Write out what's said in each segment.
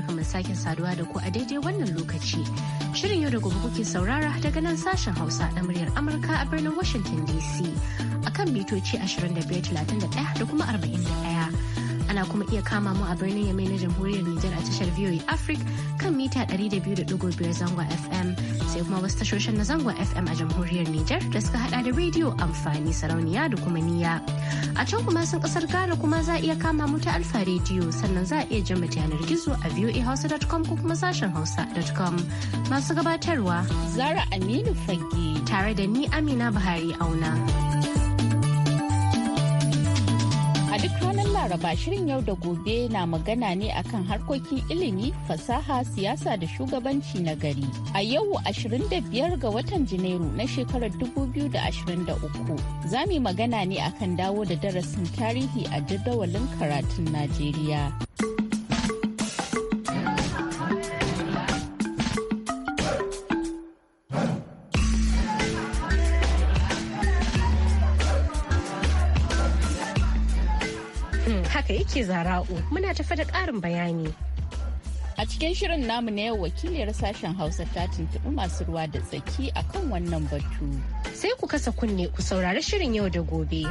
barka mu sake saduwa da ku a daidai wannan lokaci. Shirin yau da gobe kuke saurara daga nan sashen Hausa da muryar Amurka a birnin Washington DC akan mitoci 31 da kuma 41. ana kuma iya kama mu a birnin yamai na jamhuriyar Nijar a tashar VOA Africa kan mita 200.5 zangon FM sai kuma wasu tashoshin na zangon FM a jamhuriyar Nijar da suka hada da rediyo amfani sarauniya da kuma niya. A can kuma sun kasar Ghana kuma za a iya kama mu ta Alfa rediyo sannan za a iya jin ta yanar gizo a voahausa.com ko kuma sashen hausa.com masu gabatarwa. Zara Aminu Fagge. Tare da ni Amina Buhari Auna. Laraba shirin yau da gobe na magana ne akan harkokin ilimi, fasaha, siyasa da shugabanci na gari. A yau 25 ga watan Janairu na shekarar 2023 za mu magana ne akan dawo da darasin tarihi a jadawalin karatun Najeriya. ke zara'u muna tafa da ƙarin bayani. A cikin shirin namu na yau wakiliyar sashen Hausa ta tuntuɓi masu ruwa da tsaki akan wannan batu. Sai ku kasa kunne ku saurari shirin yau da gobe.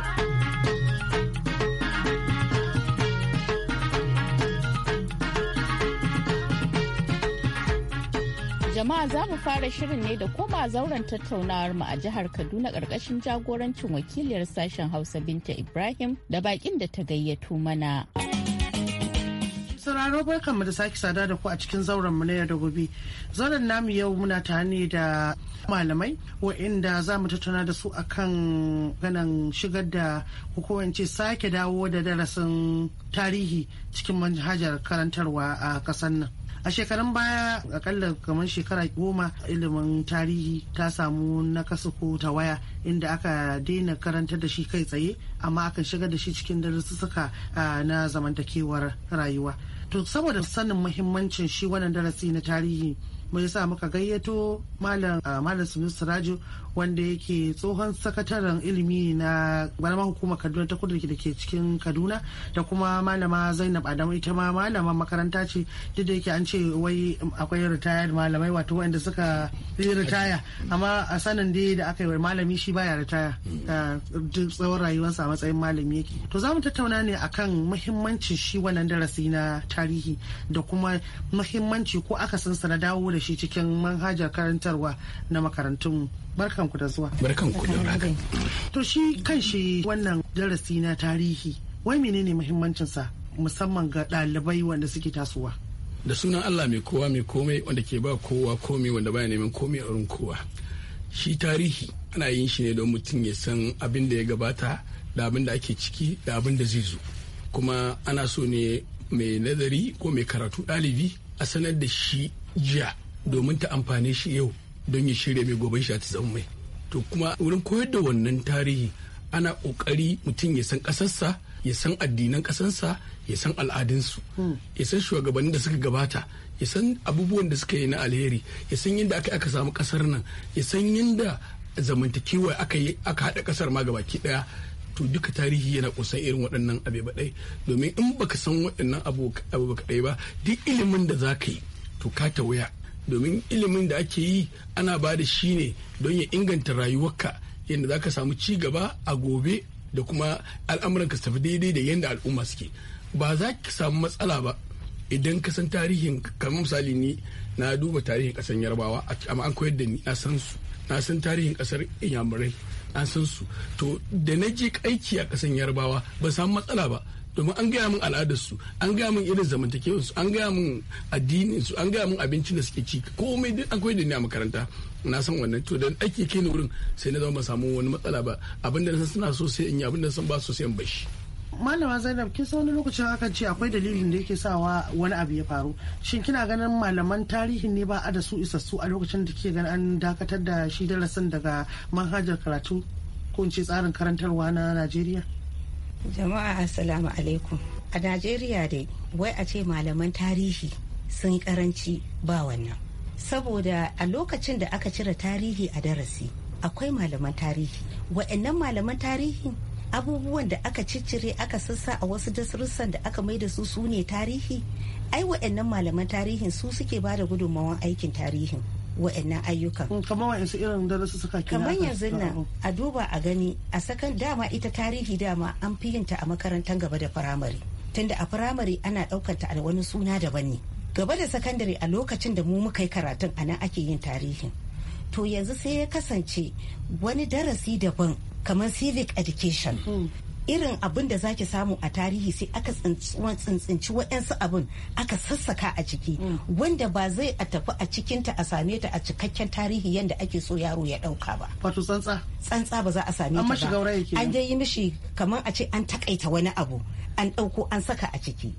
jama'a za mu fara shirin ne da koma zauren tattaunawar mu a jihar Kaduna karkashin jagorancin wakiliyar sashen Hausa Binta Ibrahim da bakin da ta gayyato mana. sauraro barkan mu da sake sada da ku a cikin zauren mu na yau da gobe. Zauren namu yau muna tare da malamai wa'inda za mu tattauna da su akan ganin shigar da hukumance sake dawo da darasin tarihi cikin manhajar karantarwa a kasar nan. a shekarun baya akalla kamar shekara goma ilimin tarihi ta samu nakasa ko ta waya inda aka daina karanta da shi kai tsaye amma aka shigar da shi cikin darussuka na zamantakewar rayuwa to saboda sanin muhimmancin shi wannan darasi na tarihi mu sa muka gayyato malam ah, malam siraju wanda yake tsohon sakataren ilimi na garma hukumar Kaduna ta kudu da ke cikin Kaduna da kuma malama Zainab Adamu ita ma malaman makaranta ce duk da yake an ce wai akwai retired malamai wato wanda suka yi ritaya amma a sanin dai da aka yi malami shi baya ritaya mm. ah, duk tsawon rayuwarsa a matsayin malami yake to za mu tattauna ne akan muhimmancin shi wannan darasi na tarihi da kuma muhimmanci ko san sa na dawo da da shi cikin manhajar karantarwa na makarantun barkanku da zuwa ku da to shi kan shi wannan darasi na tarihi wai menene muhimmancinsa musamman ga ɗalibai wanda suke tasowa da sunan Allah mai kowa mai komai wanda ke ba kowa komai wanda baya neman komai a wurin kowa shi tarihi ana yin shi ne don mutum ya san abin da ya gabata da abin da ake ciki da abin da zai zo kuma ana so ne mai nazari ko mai karatu ɗalibi a sanar da shi jiya domin ta amfane shi yau don ya shirya mai gobe shi a ta mai to kuma wurin koyar da wannan tarihi ana kokari mutum ya san kasarsa ya san addinan kasansa ya san al'adunsu hmm. ya san shugabannin da suka gabata ya san abubuwan da suka yi na alheri ya san yadda aka aka samu kasar nan ya san yadda zamantakewa aka yi aka haɗa kasar ma gabaki ɗaya to duka tarihi yana kusan irin waɗannan abe baɗai domin in baka san waɗannan abu ba duk ilimin da za ka yi to ka wuya domin ilimin da ake yi ana ba da shi ne don ya inganta rayuwarka yadda za ka samu ci gaba a gobe da kuma al'amuranka su tafi daidai da yadda al'umma suke ba za ka samu matsala ba idan ka san tarihin kamar misali ni na duba tarihin kasar yarbawa amma an koyar da ni na san su na san tarihin kasar inyamurai na san su to da na je aiki a kasar yarbawa ban samu matsala ba domin an gaya min al'adarsu an gaya min irin zamantakewarsu an gaya min addininsu an gaya min abincin da suke ci komai duk akwai da ni a makaranta na san wannan to dan ake kai ni wurin sai na zama ba samu wani matsala ba abinda na suna so sai in yi abinda na ba so sai in bashi malama zainab kin san wani lokacin akan ce akwai dalilin da yake sawa wani abu ya faru shin kina ganin malaman tarihin ne ba a da su isassu a lokacin da ke ganin an dakatar da shi darasin daga manhajar karatu ko in ce tsarin karantarwa na najeriya jama'a assalamu alaikum a najeriya dai wai a ce malaman tarihi sun karanci ba wannan saboda a lokacin da aka cire tarihi a darasi akwai malaman tarihi wa'annan malaman tarihi abubuwan da aka ciccire aka sassa a wasu darussan da aka maida su su ne tarihi ai wa'annan malaman tarihin su suke bada da gudunmawan aikin tarihin wa'annan ayyukan. kamar wa'ansu irin suka kamar yanzu nan a duba a gani a sakan dama ita tarihi dama an fi yinta a makarantar gaba da firamare tunda a firamare ana ɗaukar ta a wani suna daban ne gaba da sakandare a lokacin da mu muka yi karatun a nan ake yin tarihin to yanzu sai ya kasance wani darasi daban kamar civic education hmm. irin abin da zaki samu a tarihi sai aka tsintsinci waɗansu abin aka sassaka a ciki mm. wanda ba zai a tafi a cikinta a same ta a cikakken tarihi yadda ake so yaro ya ɗauka ba. Wato tsantsa? Tsantsa ba za a same ta ba. An An yi mishi kamar a ce an takaita wani abu an ɗauko an saka a ciki.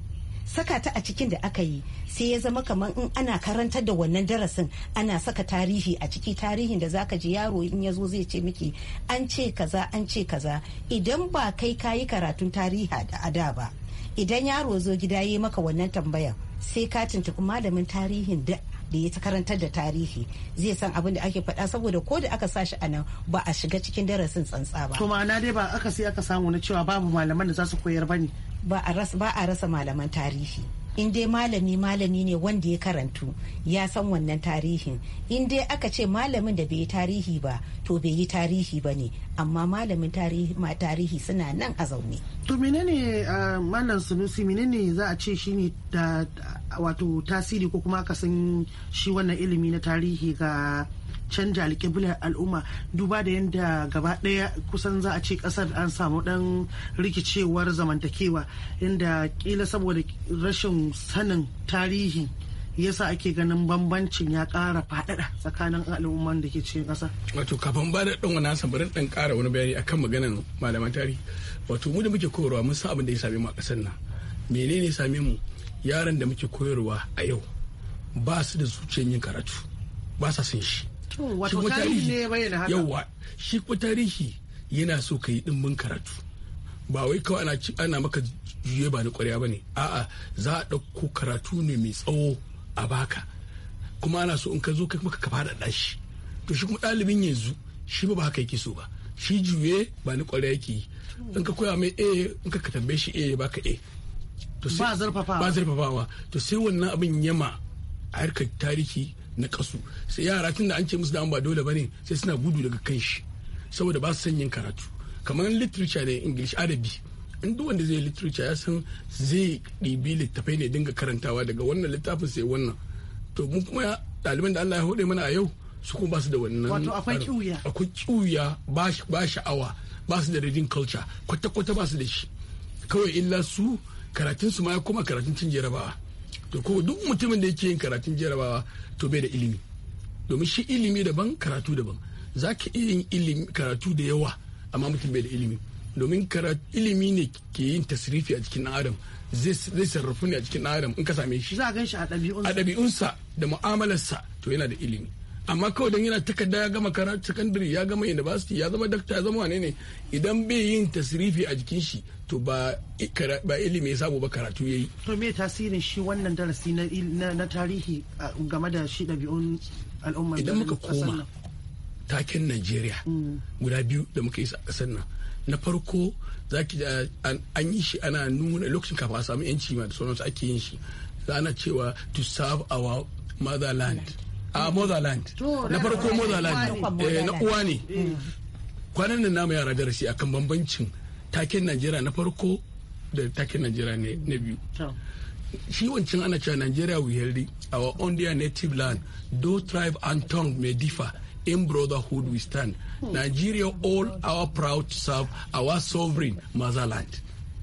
saka ta a cikin da aka yi sai ya zama kamar in ana karantar da wannan darasin ana saka tarihi a ciki tarihin da zaka ji yaro in ya zo zai ce miki an ce kaza an ce kaza idan ba kai kayi karatun tarihi a da ba idan yaro zo gida yi maka wannan tambayar sai ka tuntuɓi malamin tarihin da da ya ta karantar da tarihi zai san abin da ake faɗa saboda ko da aka sa shi a nan ba a shiga cikin darasin tsantsa ba. To ma'ana dai ba aka sai aka samu na cewa babu malaman da za su koyar ba ne ba a rasa malaman tarihi in dai malami malami ne wanda ya karantu ya san wannan tarihin in dai aka ce malamin da bai yi tarihi ba to bai yi tarihi ba ne amma malamin tarihi, suna nan a zaune to menene ah, malam sunusi menene za a ce shi ne da wato tasiri ko kuma aka san shi wannan ilimi na tarihi ga canja alƙiblar al'umma duba da yadda gaba ɗaya kusan za a ce ƙasar an samu ɗan rikicewar zamantakewa inda ƙila saboda rashin sanin tarihi yasa ake ganin bambancin ya ƙara faɗaɗa tsakanin al'umman da ke cikin ƙasa. Wato kafin ba da ɗan wani bari ɗan ƙara wani bayani akan maganan malaman tarihi. Wato mu da muke koyarwa mun san abin da ya same mu a ƙasar nan. Menene ya same mu yaran da muke koyarwa a yau ba su da zuciyar yin karatu ba sa son shi shi kuma tarihi shi kuma tarihi yana so ka yi dimbin karatu ba wai kawai ana ana maka juye ba ni ba ne a'a za a ɗauko karatu ne mai tsawo a baka kuma ana so in ka zo kai maka ka faɗaɗa shi to shi kuma ɗalibin yanzu shi ba haka yake so ba shi juye ba ni kwarya yake yi in ka koya mai a in ka ka tambaye shi a ya baka a ba zarfafawa to sai wannan abin yama a harkar tarihi na kasu sai yara tun da an ce musu da ba dole bane sai suna gudu daga kan shi saboda ba su son yin karatu kamar literature da english arabi in duk wanda zai literature ya san zai ɗibi littafai ne dinga karantawa daga wannan littafin sai wannan to mun kuma ɗaliban da Allah ya hode mana a yau su kuma ba su da wannan wato akwai kiwuya akwai ba sha'awa ba su da reading culture kwata-kwata ba su da shi kawai illa su karatun su ma ya koma karatun cin jarabawa to ko duk mutumin da yake yin karatun jarabawa to bai da ilimi domin shi ilimi daban karatu daban za ka iya yin ilimi karatu da yawa amma mutum bai da ilimi domin ilimi ne ke yin tasrifi a cikin adam zai sarrafu ne a cikin adam in ka same shi a ɗabi'unsa da mu'amalarsa to yana da ilimi amma kawai don yana takarda ya gama karatu secondary ya gama university ya zama dakta ya zama wane ne idan bai yin tasirifi a jikin shi to ba ilimi ya samu ba karatu ya yi. to me tasirin shi wannan darasi na tarihi game da shi ɗabi'un al'umma idan muka koma taken Najeriya mm. guda biyu da muka yi a ƙasar nan na farko zaki an yi shi ana nuna lokacin kafin a samu yanci ma da sauransu ake yin shi ana cewa to serve our motherland a motherland na farko motherland eh, na uwa ne mm. kwanan nan namu yara darasi kan bambancin taken najeriya na farko da taken najeriya ne na biyu shi wancan ana cewa najeriya we healthy our own dear native land do tribe and tongue may differ in brotherhood we stand hmm. nigeria all our proud to serve our sovereign motherland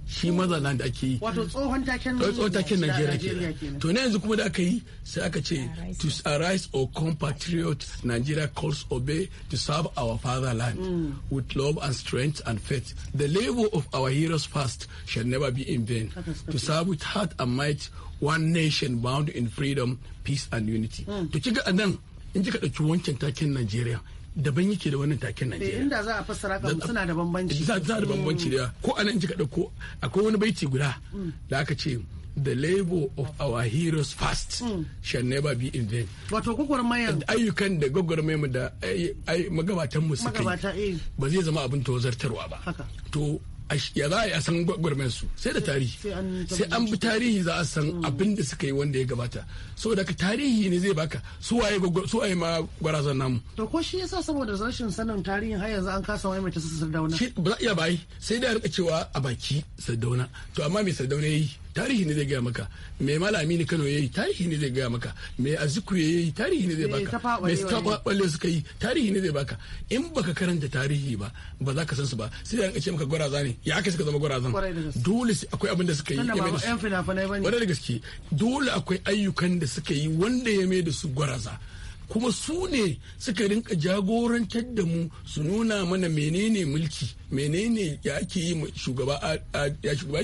shi mazana da ake yi wato tsohon taken najeriya kenan to na yanzu kuma da aka yi sai aka ce to arise o compatriot nigeria calls obey to serve our fatherland mm. with love and strength and faith the labor of our heroes past shall never be in vain to serve with heart and might one nation bound in freedom peace and unity mm. to ga anan in kika ɗauki wancan taken najeriya daban yake da wannan taken eh, Najeriya. Inda za a fassara ka suna da bambanci. Za da bambanci da ko anan ji kada ko akwai wani baiti guda mm. da aka ce the labor of our heroes fast mm. shall never be in vain. Wato gwagwarmayar. Ayyukan da gwagwarmayar da eh, magabatan mu suka yi eh. ba zai zama abin tozartarwa ba. To ya za a san gwagwarmen su sai da tarihi sai an bi tarihi za a san mm. abin da suka yi wanda ya gabata saboda ka tarihi ne zai baka su waye ma gwarazan namu to ko shi yasa saboda rashin sanin tarihin har yanzu an kasa waye mai ta sassan ba za iya bai sai da rika cewa a baki sardauna to amma me sadauna yi. tarihi ne zai gaya maka me malami ne Kano yayi tarihi ne zai gaya maka me Aziku yayi tarihi ne zai baka me Staballe suka yi tarihi ne zai baka in baka karanta tarihi ba ba za ka san su ba sai an ce maka gwaraza ne ya aka suka zama gwarazan dole akwai abin da suka yi ya da gaske dole akwai ayyukan da suka yi wanda ya mai da su gwaraza kuma su ne suka rinka jagorantar da mu su nuna mana menene mulki menene ya ake yi ya shugaba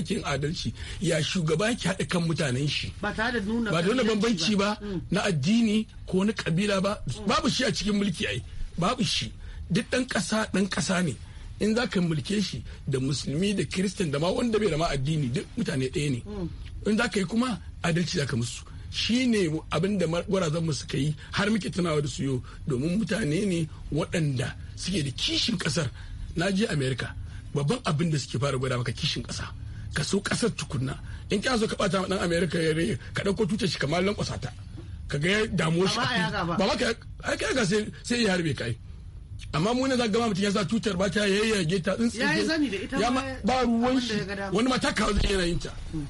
ke adalci ya shugaba ke haɗa kan mutanen shi ba tare da nuna bambanci ba mm. na addini ko na kabila ba mm. babu shi a cikin mulki ai babu shi duk ɗan ƙasa ɗan ƙasa ne in za ka mulke shi da musulmi da kiristan da ma wanda bai da ma addini duk mutane ɗaya ne mm. in za ka yi kuma adalci za ka musu shine abin da gwarazanmu suka yi har muke tunawa da su yau domin mutane ne waɗanda suke da kishin ƙasar na je Amerika babban abin da suke fara gwada maka kishin ƙasa ka so ƙasar tukunna in ka so ka bata ma dan ya rai ka ɗauko tutar shi kamar lan ta ka ga damuwar shi ba ma ka ga sai ya harbe kai amma mu ne za gama mutum ya sa tutar ba ta yayyage ta tsintsiye ya yi zani da ita ba ruwan shi wani ma ta kawo zai yana yin ta hmm.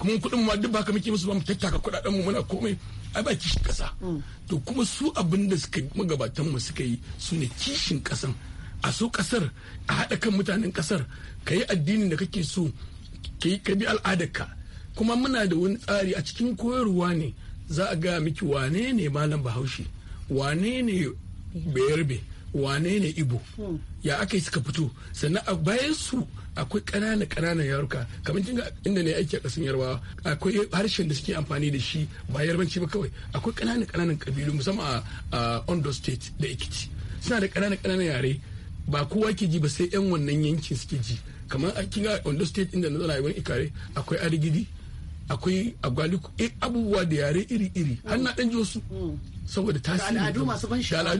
kuma kudin ma duk baka muke musu ba mu tattaka kuɗaɗen mu muna komai ai ba kishin kasa. Mm. to kuma su abin da suka magabatan mu suka yi su ne kishin kasan. a so kasar a haɗa kan mutanen kasar ka yi addinin da kake so ka yi ka bi al'adarka kuma muna da wani tsari a cikin koyarwa ne za a ga miki wane ne malam bahaushe wane ne bayarbe wane ne ibo mm. ya aka yi suka fito sannan a bayan su akwai ƙananan ƙananan yaruka kamar kinga inda ne aiki a ƙasar yarbawa akwai harshen da suke amfani da shi ba yarbanci ba kawai akwai ƙananan ƙananan ƙabilu musamman a ondo state da ekiti suna da ƙananan ƙananan yare ba kowa ke ji ba sai yan wannan yankin suke ji kamar a kinga ondo state inda na zana yawan ikare akwai arigidi akwai agwaliku eh, abubuwa da yare iri-iri har na ɗan ji wasu mm. saboda tasiri da al'adu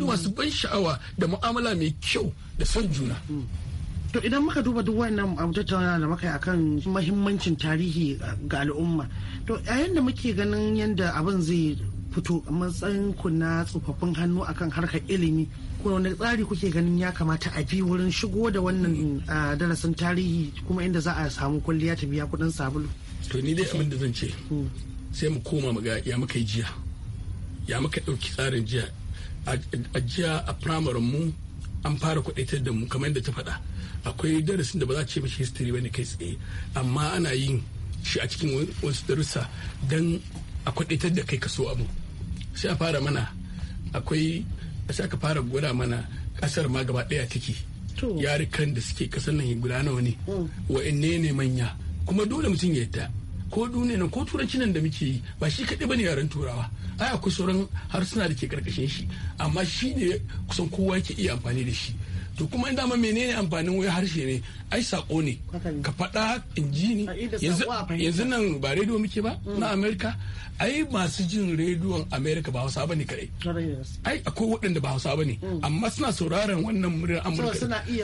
masu ban sha'awa da mu'amala mai kyau da son juna mm. To idan muka duba duk wannan abu tattauna da muka yi akan mahimmancin tarihi uh, ga al'umma. To yayin da muke ganin yadda abin zai fito a matsayin ku na tsofaffin hannu akan harkar ilimi ko wani tsari kuke ganin ya kamata a bi wurin shigo da wannan uh, darasin tarihi kuma inda za a samu kwalliya ta biya kudin sabulu. To ni dai abin da zan ce hmm. sai mu koma mu ga ya muka yi jiya ya muka ɗauki tsarin jiya a jiya a firamarin mu an fara kudaitar da mu kamar yadda ta faɗa. akwai darasin da ba za a ce mashi history bane kai tsaye amma ana yin shi a cikin wasu darussa don a kwadaitar da kai kaso abu sai a fara mana akwai a sai aka fara gwada mana kasar ma gaba daya take yarukan da suke kasar nan guda nawa ne mm. wa'anne ne manya kuma dole mutum ya yadda ko duniya nan ko turanci nan da muke yi ba shi kaɗai bane yaren turawa ai akwai sauran harsuna da ke karkashin shi amma shi ne kusan kowa yake iya amfani da shi to kuma in dama menene amfanin wai harshe ne ai sako ne ka faɗa in ji ne yanzu nan ba rediyo muke ba mm. na amerika ai masu jin rediyon amerika ba hausa bane kadai ai akwai waɗanda ba hausa bane mm. amma suna sauraron wannan muryar amurka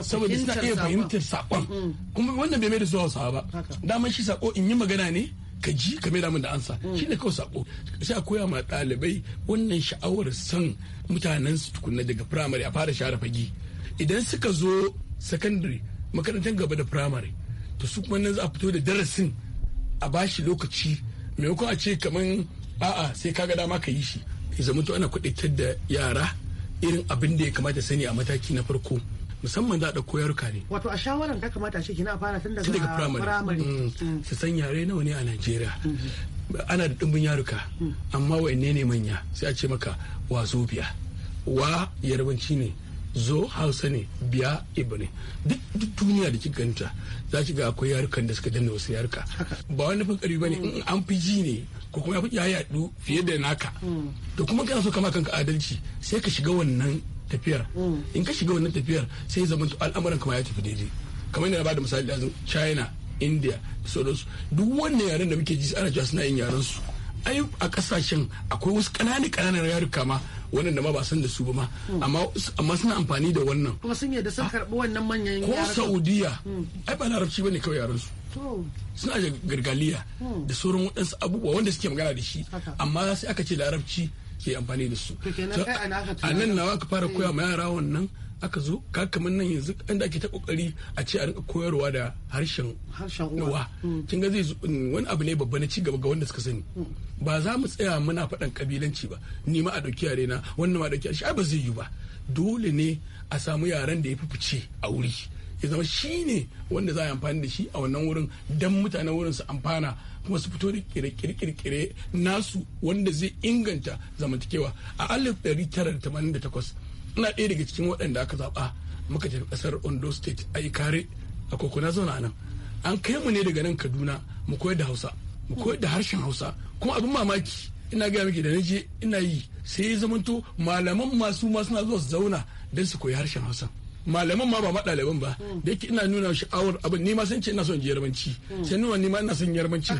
saboda suna iya fahimtar sakon mm. kuma wannan bai mai da zuwa hausa ba daman shi sako in yi magana ne ka ji ka mai damun da ansa shi ne kawai sako sai a koya ma ɗalibai wannan sha'awar san mutanen su tukunna daga firamare a fara share fagi idan suka zo secondary makarantar gaba da primary to su kuma nan za a fito da darasin a bashi lokaci maimakon a ce kamar a'a sai kaga dama ka yi shi ya zama to ana kuɗaitar da yara irin abin da ya kamata sani a mataki na farko musamman za a ɗauko yaruka ne. Wato a shawaran ta kamata shi kina fara tun daga firamare. Mm, mm. Su san yare nawa ne a Najeriya. Mm-hmm. Ana da ɗumbin yaruka mm. amma wa'in ne manya sai a ce maka wa zobiya. Wa yarbanci ne zo hausa ne biya ibo ne duk duniya da kika ganta za ki ga akwai yarukan da suka danna wasu yaruka ba wani karbi ba ne in an fi ji ne ko kuma ya du fiye da naka to kuma kana so kama kanka adalci sai ka shiga wannan tafiyar in ka shiga wannan tafiyar sai zama al'amuran kama ya tafi daidai kamar yana bada misali da china india da sauransu duk wannan yaren da muke ji ana cewa suna yin yaren su ai a kasashen akwai wasu ƙananan ƙananan yaruka ma waɗanda ma ba san da su ba ma amma suna amfani da wannan kuma sun yadda sun ah. karɓi wannan manyan ko saudiya hmm. ai ba larabci bane kawai yaran su suna da gargaliya hmm. da sauran waɗansu abubuwa wanda suke magana da shi amma sai aka ce larabci ke amfani da su a nan nawa ka fara koya ma eh. yara wannan aka zo ka kamar nan yanzu inda ake ta kokari a ce a rinka koyarwa da harshen uwa mm. kin ga zai mm, wani abu ne babba na cigaba ga wanda suka sani mm. ba za mu tsaya muna faɗan kabilanci ba ni ma a ɗauki yare na wannan ma ɗauki shi ba zai yi ba dole ne a samu yaren da ya fi fice a wuri ya zama shi ne wanda za a yi amfani da shi a wannan wurin Dan mutanen wurin su amfana kuma su fito da kirkire-kirkire nasu wanda zai inganta zamantakewa a alif 1988 ina ɗaya daga cikin waɗanda aka zaɓa muka tafi ƙasar ondo state a kare a kokona zauna nan an kai mu ne daga nan kaduna mu koyar da hausa mu koyar da harshen hausa kuma abin mamaki ina gaya miki da na je ina yi sai ya zamanto malaman masu ma suna zuwa su zauna don su koyi harshen hausa malaman ma ba ma ɗaliban ba hmm. da yake ina nuna sha'awar abin ni ma sun ce ina son yarbanci hmm. sai nuna ni ma ina son yarbanci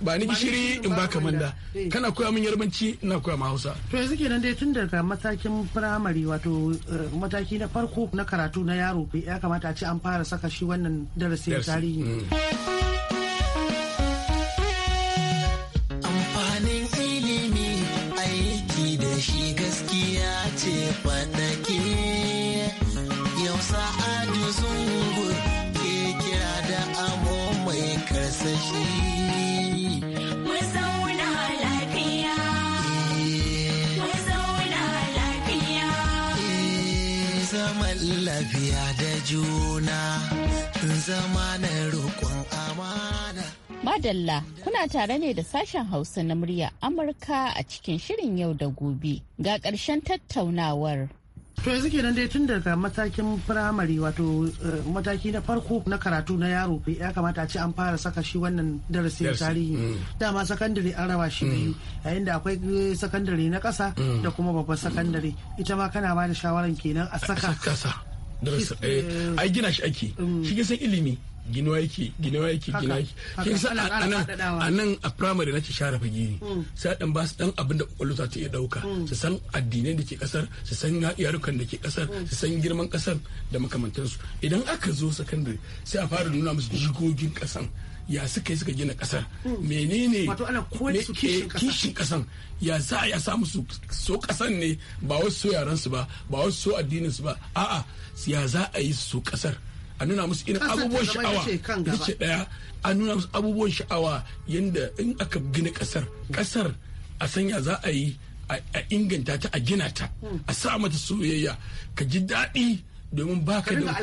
ba ni gishiri in ba kamanda eh. kana koya min yarbanci ina koya ma hausa to yanzu kenan dai tun daga matakin firamare wato eh, mataki na farko na karatu na yaro ya kamata a ce an fara saka shi wannan darasin tarihi hmm. da Madalla kuna tare ne da sashen Hausa na murya Amurka a cikin shirin yau da gobe ga ƙarshen tattaunawar. to yanzu kenan dai tun daga matakin firamare wato eh, mataki na farko na karatu na yaro ya kamata a ce an fara saka shi wannan darasin tarihi mm. dama sakandare an raba shi mm. biyu yayin da akwai eh, sakandare na kasa mm. da kuma babban sakandare ita ma kana ba da shawaran kenan a saka Eh, ai gina shi ake mm. shi gisan ilimi ginuwa yake ginuwa yake gina yake shi yasa a nan a primary ce share fage mm. sai dan ba su dan abin da kwakwalwa za ta iya dauka mm. su san addinai da ke kasar su san yarukan da ke kasar su san girman kasar da makamantansu idan aka zo sakandare sai a fara nuna musu jigogin kasan ya suka yi suka gina kasar mm. menene kishin kasan ya za a samu su so kasan ne ba wasu so yaran su ba ba wasu so addinin su ba a'a ya za a yi su kasar a nuna musu irin abubuwan sha'awa ce daya a nuna musu abubuwan sha'awa yadda in aka gina kasar kasar a sanya za a yi a inganta ta a gina ta mm. a sa mata soyayya ka ji daɗi domin baka da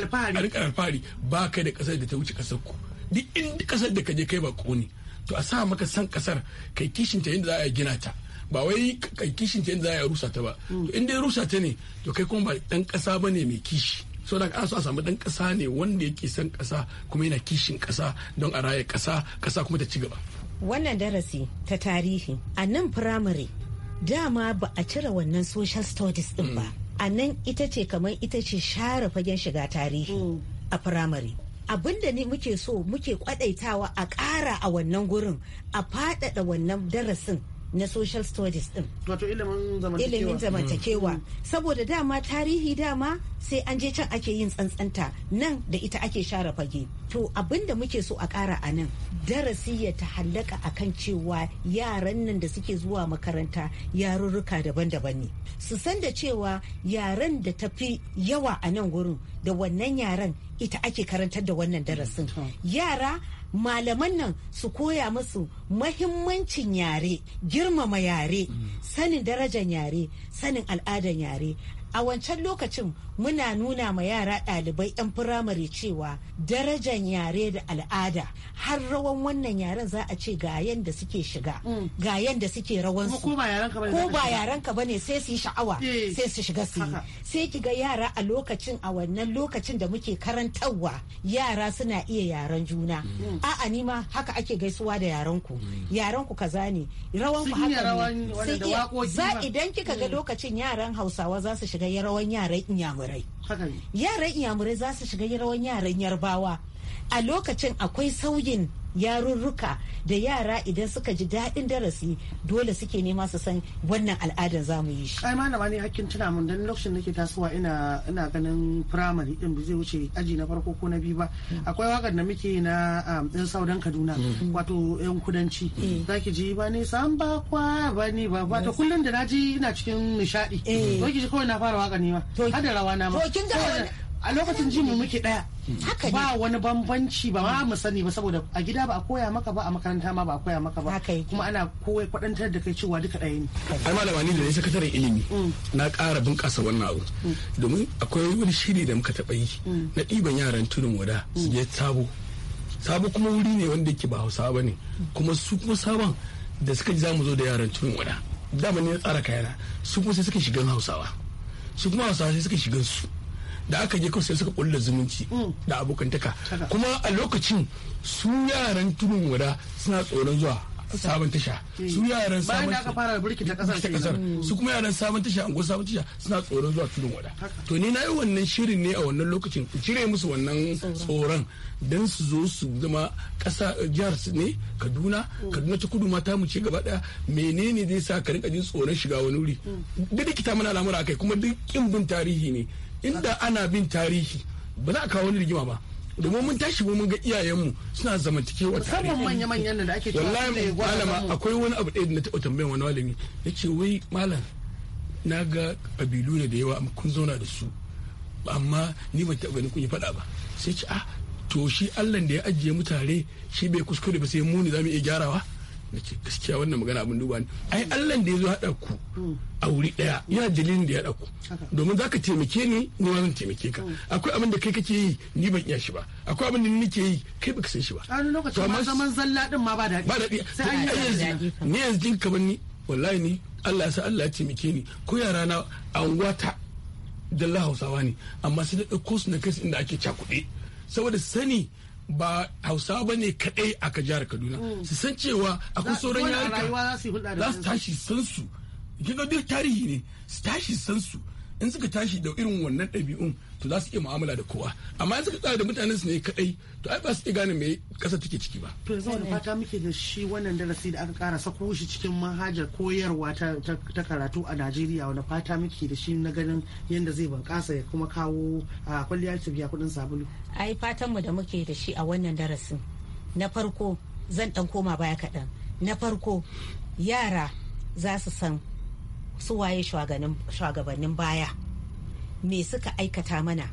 alfahari baka da kasar da ta wuce kasar ku duk inda kasar da kaje kai ba ne to a sa maka san kasar kai kishin ta yadda za a gina ta ba wai kai kishin ta yadda za a rusa ta ba mm. to inda ya rusa ta ne to kai kuma ba dan kasa bane mai kishi so da ana so a samu dan kasa ne wanda yake san kasa kuma yana kishin kasa don a raye kasa kasa kuma ta ci gaba wannan darasi ta tarihi a nan firamare dama ba a cire wannan social studies din ba mm. a nan ita ce kamar ita ce share fagen shiga tarihi mm. a firamare abin da ni muke so muke kwadaitawa a ƙara a wannan gurin a faɗaɗa wannan darasin na social studies din wato ilimin zamantakewa ilimin hmm. zamantakewa saboda dama tarihi dama sai an je can ake yin tsantsanta nan da ita ake share fage to abin da muke so a kara a nan darasi ya ta a akan cewa yaran nan da suke zuwa makaranta yarurruka daban-daban ne su san da cewa yaran da tafi yawa a nan wurin da wannan yaran ita ake karantar da wannan darasin hmm. yara malaman nan su koya musu mahimmancin yare girmama yare mm. sanin darajar yare sanin al'adar yare a wancan lokacin muna nuna ma yara ɗalibai 'yan firamare cewa darajan yare da al'ada har rawan wannan yaren za a ce ga yanda suke shiga mm. ga yanda suke rawan su ko ba yaren ka bane sai su yi sha'awa eh. sai su shiga su yi sai ki ga yara a lokacin a wannan lokacin da muke karantarwa yara suna iya yaren juna mm. a'a ni ma haka ake gaisuwa da yaren ku mm. yaren ku kaza ne rawan ku haka ne za idan kika ga lokacin yaran Hausawa za su shiga shiga yarawan yaran inyamurai yaran inyamurai za su shiga yarawan yaran yarbawa a lokacin akwai sauyin yarurruka da yara idan suka ji daɗin darasi dole suke nema su san wannan al'adar za mu yi shi. ai malama ne hakkin tuna mun dan lokacin nake tasowa ina ina ganin primary din ba zai wuce aji na farko ko na biyu ba akwai wakar da muke na ɗan um, saudan kaduna mm. wato yan kudanci mm. zaki ji ba ne san ba kwa ba ni ba wato kullum da naji ina cikin nishaɗi. zaki eh. ji kawai na fara waka ne ma har da rawa na ma. to kin ga a lokacin ji mu muke daya ba wani bambanci ba ma mu sani ba saboda a gida ba a koya maka ba a makaranta ma ba a koya maka ba kuma ana kowai kwadantar da kai cewa duka ɗaya ne ai malama ni da ne sakataren ilimi mm. na ƙara bunƙasa wannan abu mm. domin akwai wani shiri da muka taɓa yi mm. na ɗiban yaran tudun wada su je sabo sabo kuma wuri ne wanda ke ba hausa ba ne kuma su kuma sabon da suka ji zamu zo da yaran tudun wada dama ne tsara kayana su kuma sai suka shigan hausawa su kuma hausawa sai suka shigan su da aka je kawai sai suka kulla zumunci mm. da abokantaka kuma a lokacin su yaran tudun wada suna tsoron zuwa sabon tasha eh. su yaran sabon tasha fara ta kasar mm. su kuma yaran sabon tasha an sabon tasha suna tsoron zuwa tudun wada to ni na yi wannan shirin ne a wannan lokacin cire musu wannan tsoron don su zo su zama kasa eh, jihar su ne kaduna mm. kaduna ta kudu mata mu ce gaba daya menene zai sa ka rinka jin tsoron shiga wani wuri duk da kita mana al'amura akai kuma duk kin bin tarihi ne inda ana bin tarihi ba za a kawo wani rigima ba domin mun tashi mun ga iyayenmu suna zamantakewa tare musamman manya manyan da ake cewa wallahi malama akwai wani abu ɗaya da na taɓa tambayan wani malami yace wai malam na ga kabilu ne da yawa kun zauna da su amma ni ban taɓa ganin kun yi faɗa ba sai ce a ah, to shi Allah da ya ajiye mu tare shi bai kuskure ba sai mu ne za mu iya gyarawa na ce gaskiya wannan magana abin duba ne ai allan da ya zo haɗa ku a wuri ɗaya yana dalilin da ya haɗa ku domin za ka taimake ni ni ma zan taimake ka mm. akwai abin da kai kake yi ni ban iya shi ba akwai abin da nike yi kai baka san shi ba a lokacin ma zaman zalla din ma ba daɗi ba daɗi sai an yi ne yanzu jin kamar ni wallahi ni Allah ya sa Allah ya taimake ni ko yara na anguwata dalla hausawa ne amma sai da ɗauko su na kai inda ake cakuɗe saboda sani ba hausawa ba ne kaɗai aka jihar kaduna mm. su san cewa akwai sauran yarika za su tashi san su duk tarihi ne su tashi san su in suka tashi da irin wannan ɗabi'un to za su iya mu'amala da kowa amma in suka tsara da mutanen su ne kadai to ai ba su iya gane me ƙasa take ciki ba to yanzu wani fata muke da shi wannan darasi da aka ƙara sako shi cikin manhajar koyarwa ta karatu a Najeriya wani fata muke da shi na ganin yadda zai bunƙasa ya kuma kawo a kwalliyar ta biya kuɗin sabulu ai fatan mu da muke da shi a wannan darasin na farko zan ɗan koma baya kaɗan na farko yara za su san su waye shugabannin baya me suka aikata mana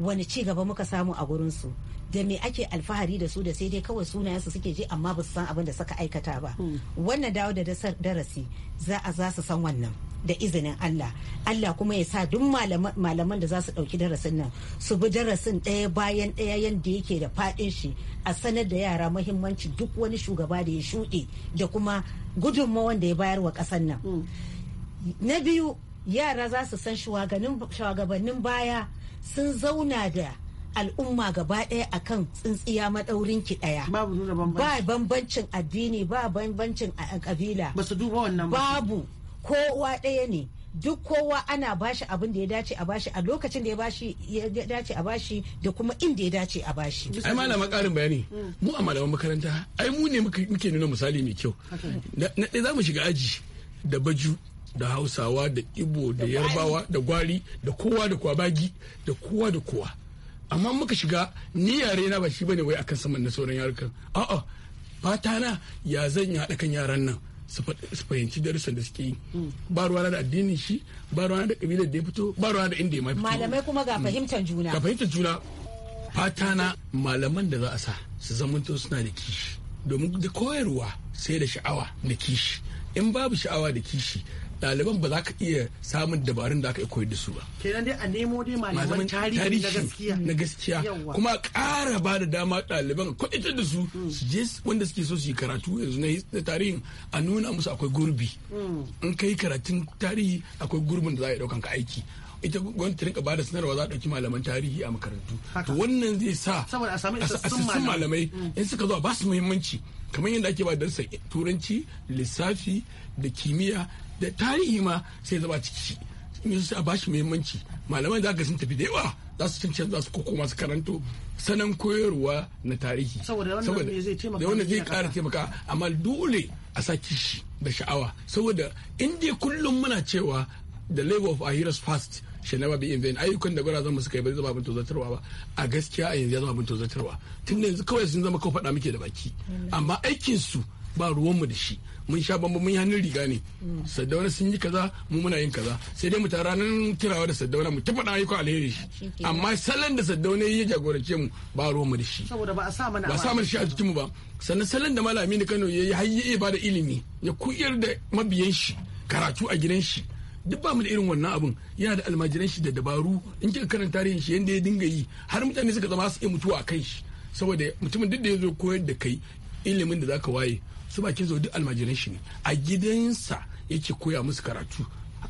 wani ci gaba muka samu a su da me ake alfahari da su da sai dai kawai sunayensu suke je amma ba su san abin da suka aikata ba hmm. wannan dawo da darasi za a za su san wannan da izinin Allah Allah kuma ya sa duk malaman da za su ɗauki darasin nan su bi darasin ɗaya bayan ɗaya yadda yake da faɗin shi a sanar da yara mahimmanci duk wani shugaba da ya shuɗe da kuma gudunmawan da ya bayar wa ƙasar nan hmm. na biyu yara za su san shugabannin baya sun zauna da al'umma gaba ɗaya akan tsintsiya maɗaurin ki ɗaya. Ba bambancin addini ba bambancin kabila. Ba su duba wannan Babu kowa ɗaya ne. Duk kowa ana bashi abin da ya dace a bashi a lokacin da ya bashi dace a bashi da kuma inda ya dace a bashi. Ai malama ƙarin bayani mm. mu a malaman makaranta ai mu ne muke nuna misali mai kyau. Na ɗaya za mu shiga aji da baju da hausawa da ibo da yarbawa da gwari da kowa da bagi da kowa da kowa amma muka shiga ni yare na ba shi bane wai akan saman na sauran yarukan a'a fata na ya zan haɗa kan yaran nan su fahimci darussan da suke yi mm. ba ruwa da addinin shi ba ruwa da kabilar da ya fito ba ruwa da inda ya mafi malamai kuma ga mm. fahimtar juna ga fahimtar juna fata na malaman da za a sa su zamanto suna da kishi domin da koyarwa sai da sha'awa da kishi in babu sha'awa da kishi ɗaliban ba za ka iya samun dabarun da aka iya koyar da su ba. Kenan dai a nemo dai malaman tarihi na gaskiya. Kuma ƙara ba da dama ɗaliban kwaɗatar da su mm. su je wanda suke so su yi karatu yanzu na tarihin a nuna musu akwai gurbi. Mm. In kai karatun tarihi akwai gurbin da za a yi ɗaukan ka aiki. ita gwamnati rinka bada sanarwa za a ɗauki malaman tarihi a makarantu to wannan zai sa a samu malamai mm. in suka zo ba su muhimmanci kamar yadda ake ba darsa turanci lissafi da kimiyya da tarihi ma sai zaba ciki in su a bashi muhimmanci malaman za ka sun tafi da yawa za su cancanci za su koko masu karanto sanan koyarwa na tarihi saboda wannan zai kara taimaka amma dole a sa kishi da sha'awa saboda in dai kullum muna cewa the labor of our heroes fast shi never be in vain ayyukan da gwara zama su kai bai zama abin tozartarwa ba a gaskiya a yanzu ya zama abin tozartarwa tun yanzu kawai sun zama kawai faɗa muke da baki amma aikinsu su ba ruwanmu da shi mun sha bamba mun yi hannun riga ne mm. saddauna sun yi kaza mu muna yin kaza sai dai mu tara ranar kirawa da saddauna mu tafaɗa ayyuka alheri shi amma salon da saddauna ya jagorance mu ba ruwanmu da shi ba a sa mana ba shi a jikinmu ba sannan salon da malami da Kano ya yi hayi ya ba da ilimi ya kuyar da mabiyan shi karatu a gidan shi duk ba mu da irin wannan abun yana da almajiran shi da dabaru in kika karanta tarihin shi yanda ya dinga yi har mutane suka zama su iya mutuwa a kan shi saboda mutumin duk da ya zo koyar da kai ilimin da zaka waye su bakin zo duk almajiran shi ne a gidansa yake koya musu karatu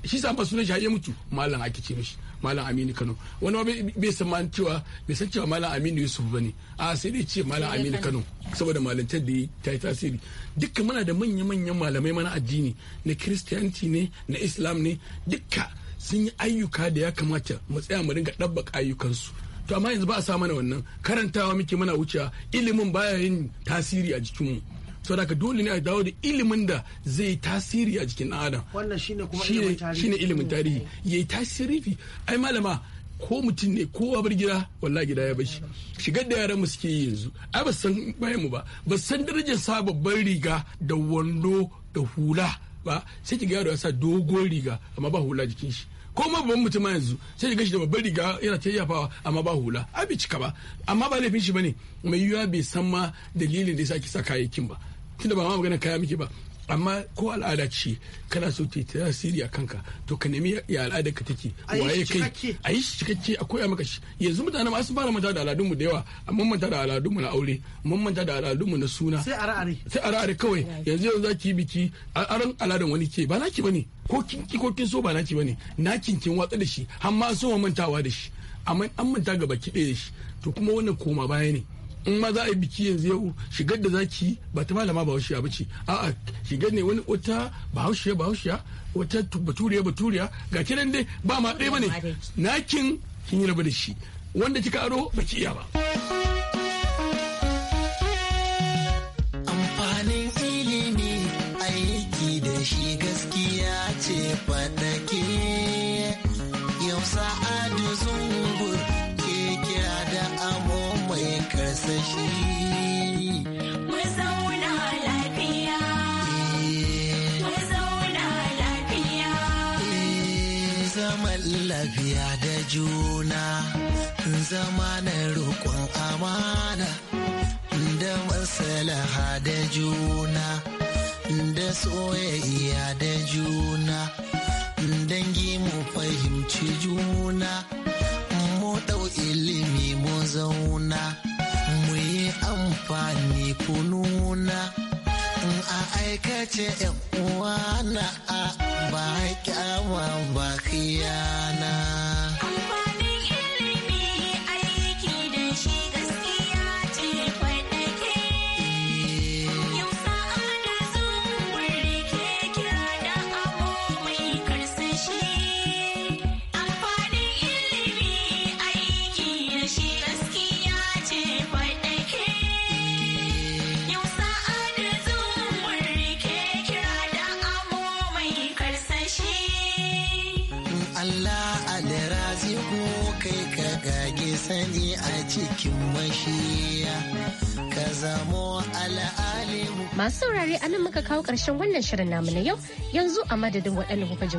shi sa ba sunan shi ya mutu malam ake ce mishi malam aminu kano wani bai san man cewa bai san cewa malam aminu yusuf bane a sai dai ce malam aminu kano saboda malantar da ta yi tasiri dukkan muna da manya manyan malamai mana addini na kiristiyanti ne na islam ne dukka sun yi ayyuka da ya kamata mu tsaya mu dinga ɗabbaka ayyukansu to amma yanzu ba a sa mana wannan karantawa muke mana wucewa ilimin baya yin tasiri a jikinmu da ka dole ne a dawo da ilimin da zai tasiri a jikin ɗan adam wannan shine kuma ilimin tarihi shine ilimin tarihi yayi tasiri ai malama ko mutum ne ko bar gida wallahi gida ya bashi shigar da yaran mu ke yi yanzu ai ba san bayan mu ba ba san darajar sa babban riga da wando da hula ba sai kiga yaro ya sa dogon riga amma ba hula jikin shi ko ma babban mutum ma yanzu sai kiga shi da babban riga yana ta yafawa amma ba hula abi cika ba amma ba laifin shi bane mai yiwuwa bai san ma dalilin da yasa ki sa kayayyakin ba tunda ba ma magana kaya miki ba amma ko al'ada ce kana so ta tasiri a kanka to ka nemi ya al'adar ka take waye kai a yi cikakke a koya maka shi yanzu mutane ma sun fara manta da al'adunmu da yawa amma manta da al'adunmu na aure mun manta da al'adunmu na suna sai ara'are sai ara'are kawai yanzu yanzu za ki biki aran al'adan wani ke ba naki bane ko kin ki ko kin so ba naki bane na kin watsa da shi har ma so mantawa da shi amma an manta ga baki ɗaya da shi to kuma wannan koma baya ne in ma za a yi biki yanzu yau shigar da zaki ba ta malama ba bahaushiya ba ce a'a shigar ne wani wata ba bahaushiya wata baturiya baturiya ga kiran dai ba ma ɗaya ne nakin kin yi raba da shi wanda kika aro baki iya ba. zama na roƙon amana da masalaha da juna da soyayya da juna dangi mu fahimci juna mu ɗau ilimi mu zauna mu yi amfani kununa a aikace uwana a ba kyawa ba Allah ka gage a cikin mashiya Masu saurare a nan muka kawo ƙarshen wannan shirin namu na yau yanzu a madadin waɗanda kuka ji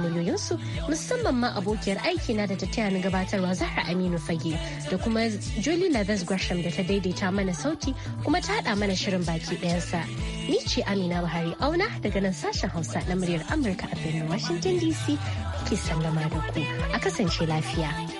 musamman ma abokiyar aiki na da ta taya ni gabatarwa Zahra Aminu Fage da kuma Julie Lathers Gresham da ta daidaita mana sauti kuma ta haɗa mana shirin baki ɗayansa. Ni ce Amina Buhari Auna daga nan sashen Hausa na muryar Amurka a birnin Washington DC ki sallama da ku a kasance lafiya.